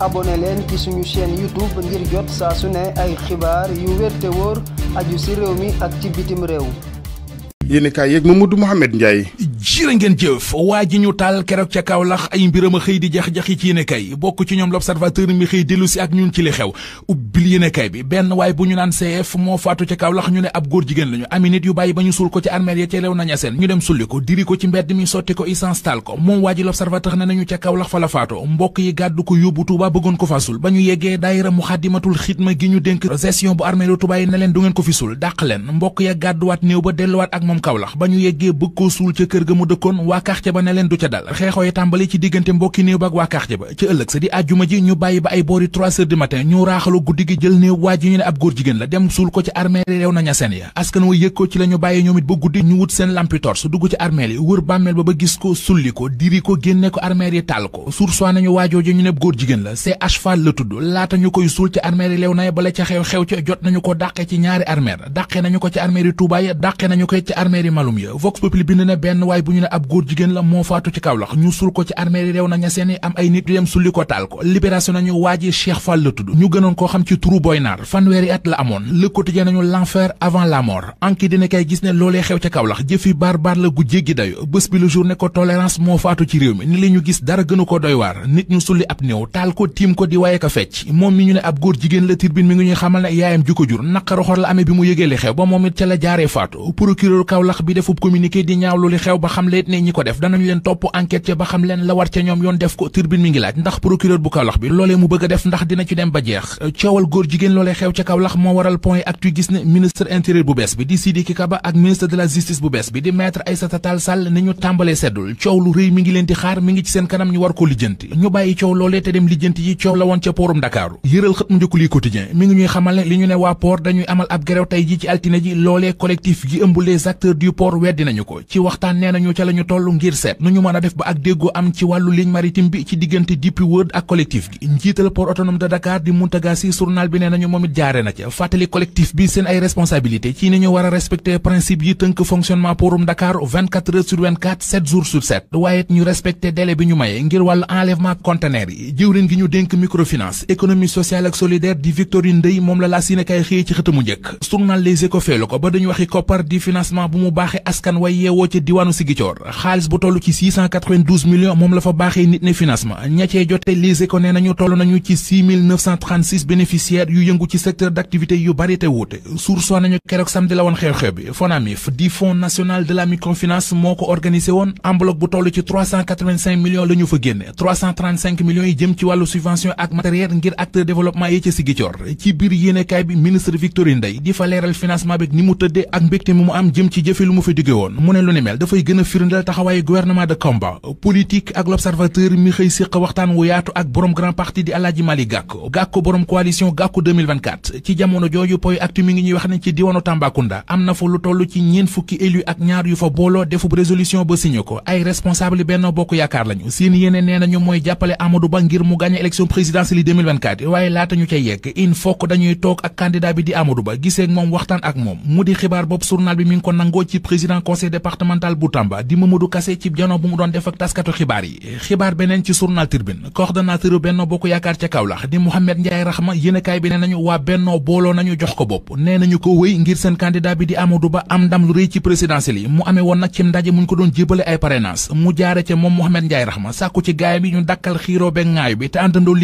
abonné leen ci suñu chaîne YouTube ngir jot saa su ne ay xibaar yu wér te wóor aju ci réew mi ak ci bitim réew. yéen kaay yeeg Mamadou Mouhamed Ndiaye. jërë ngeen jëf waa ji ñu taal keroog ca Kaolack ay mbiram a xëy di jax-jaxi ci yéene kay bokk ci ñoom l'observateur mi xëy dellu si ak ñun ci li xew ubbil yéene bi benn waaye bu ñu naan CF moo faatu ca Kaolack ñu ne ab góor jigéen lañu ami nit yu bàyyi ba ñu suul ko ci armeel ya ca lew naña seen ñu dem sulli ko diri ko ci mbedd mi sotti ko essence taal ko moom waa ji l'observateur ne nañu ca Kaolack fa la faatoo mbokk yi gàddu ko yóbbu Touba bëggoon ne leen du ngeen ko fi suul dàq leen mbokk ya gàdduwaat mu dëkkoon waa quartier ba ne leen du ca dal xeexoo tàmbali ci diggante mbokki néew ba ak waa quartier ba ci ëllëg sa di àjjuma ji ñu bàyyi ba ay boori trois heures du matin ñu raaxalu guddi gi jël néew waa ji ñu ne ab góor jigéen la dem suul ko ci armeel yi na ñaseen ya askan wa yëg ko ci la ñu bàyyi ñoom it ba guddi ñu wut seen lampi torche dugg ci armeel wër bàmmeel ba ba gis ko sulli ko diri ko génne ko armeel yi ko suur soi nañu waajoo waaye bu ñu ne ab góor jigéen la moo faatu ci Kaolack ñu suul ko ci armée yi na ña seen am ay nit yu sulli ko taal ko libération nañu waaji Cheikh Fall la tudd ñu gënoon koo xam ci turu Naar fanweeri at la amoon le ko tiim ko di waaye ko fecc moom mi ñu ne ab góor jigéen la tirbine mi ngi ñuy xamal ne yaayam ju naqaru xor la amee bi mu yëgee li xew ba moom ca la jaaree faatu procureur Kaolack bi defub communiqué di ñaawlu li xew ba xamle ne ñi ko def danañ leen topp enquête ca ba xam leen la war ca ñoom yoon def ko turbine mi ngi laaj ndax procureur bu Kaolack bi loolee mu bëgg a def ndax dina ci dem ba jeex euh, coowal góor jigéen loolee xew ca Kaolack moo waral point actu gis ne ministre intérieur bu bees bi di Sidiki Kaba ak ministre de la justice bu bees bi di maître Aïssata Tall Sall ni ñu tàmbalee seddul coow lu rëy mi ngi leen di xaar mi ngi ci seen kanam ñu war ko lijjanti ñu bàyyi coow loolee te dem lijjanti yi coow la woon ca poorum Dakar yëral li quotidien ngi ñuy xamal li ñu ne waa port dañuy amal ab grève tey ji ci altine ji loolee collectif gi ëmb les acteurs du port weddi nañu ko ci na nañu ca la ñu ngir seet nu ñu def ba ak déggoo am ci wàllu ligne maritime bi ci diggante DP World ak collectif gi njiital port autonome de Dakar di Mountaga Sy bi nee nañu moom jaare na ca fàttali collectif bi seen ay responsabilité ci ni ñu war principe yi tënk fonctionnement porum Dakar sur 24 waaye ñu respecter délai bi ñu maye ngir wàllu enlèvement conteneur yi jëwrin gi ñu dénk microfinance économie sociale ak solidaire di Ziguinchor xaalis bu toll ci 692 moom la fa baaxee nit ne financement ña jote Les Échos nañu toll nañu ci 6936 yu yëngu ci secteur d'activité yu bari te wuute source nañu keroog samedi la woon xew-xew bi FONAMIF di Fonds national de la microfinance moo ko organisé woon enveloppe bu toll ci 385 millions fa génne 335 yi jëm ci wàllu subvention ak matériel ngir acteur développement yi ca Ziguinchor ci biir yéenekaay bi ministre Victorine a firndeel taxawaayu gouvernement de combat politique ak l'observateur mi xëy séq waxtaan wu yaatu ak borom grand parti di Alaaji Mali Gàkku gàkku borom coalition gàkku 2024 ci jamono jooju poy actu mi ngi ñuy wax ne ci diwanu Tambacounda am na fa lu toll ci ñeen fukki élu ak ñaar yu fa booloo defub résolution ba signé ko ay responsable Benno Bokk Yaakaar lañu seen yéene nee nañu mooy jàppale Amadou Ba ngir mu gàñe élection présidentielle 2024 waaye laata ñu cay yegg waxtaan ak moom mu di xibaar bopp journal bi mi ngi ko nangoo ci président conseil départemental ba di Mamadou Kassé ci jano bu mu doon def taskatu xibaar yi xibaar beneen ci journal Tribune coordonnateur Benno Bokk Yaakaar ca Kaolack di Mouhamed Ndiaye Rahma yéenekaay bi ne nañu waa Benno booloo nañu jox ko bopp nee nañu ko wéy ngir seen candidat bi di Amadou Ba am ndam lu rëy ci présidentielle yi mu amee woon nag ci ndaje muñ ko doon jébale ay parrainage mu jaare ca moom Mouhamed Ndiaye Rahma sàkku ci gaay bi ñu dakkal xiiroo be ŋaayo bi te àndandoo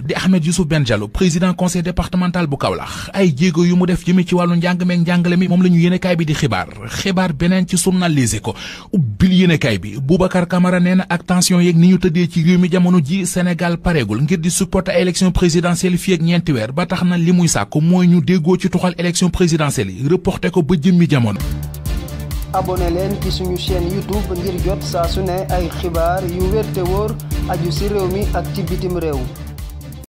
di Ahmed Youssouf Ben Diallo mi ci wàllu njàng meeg njàngale mi moom la ñu yéenekaay bi di xibaar xibaar beneen ci journal Les ubbil yéenekaay bi Boubacar Camara nee na ak tension yeeg ni ñu tëddee ci réew mi jamono ji Sénégal pareegul ngir di supporter élection présidentielle fii ak ñeenti weer ba tax na li muy sàkku mooy ñu déggoo ci tuxal élection présidentielle yi reporté ko ba jëmmi jamono abonné leen ci suñu chaîne YouTube ngir jot saa su ne ay xibaar yu wér te wóor aju ci réew réew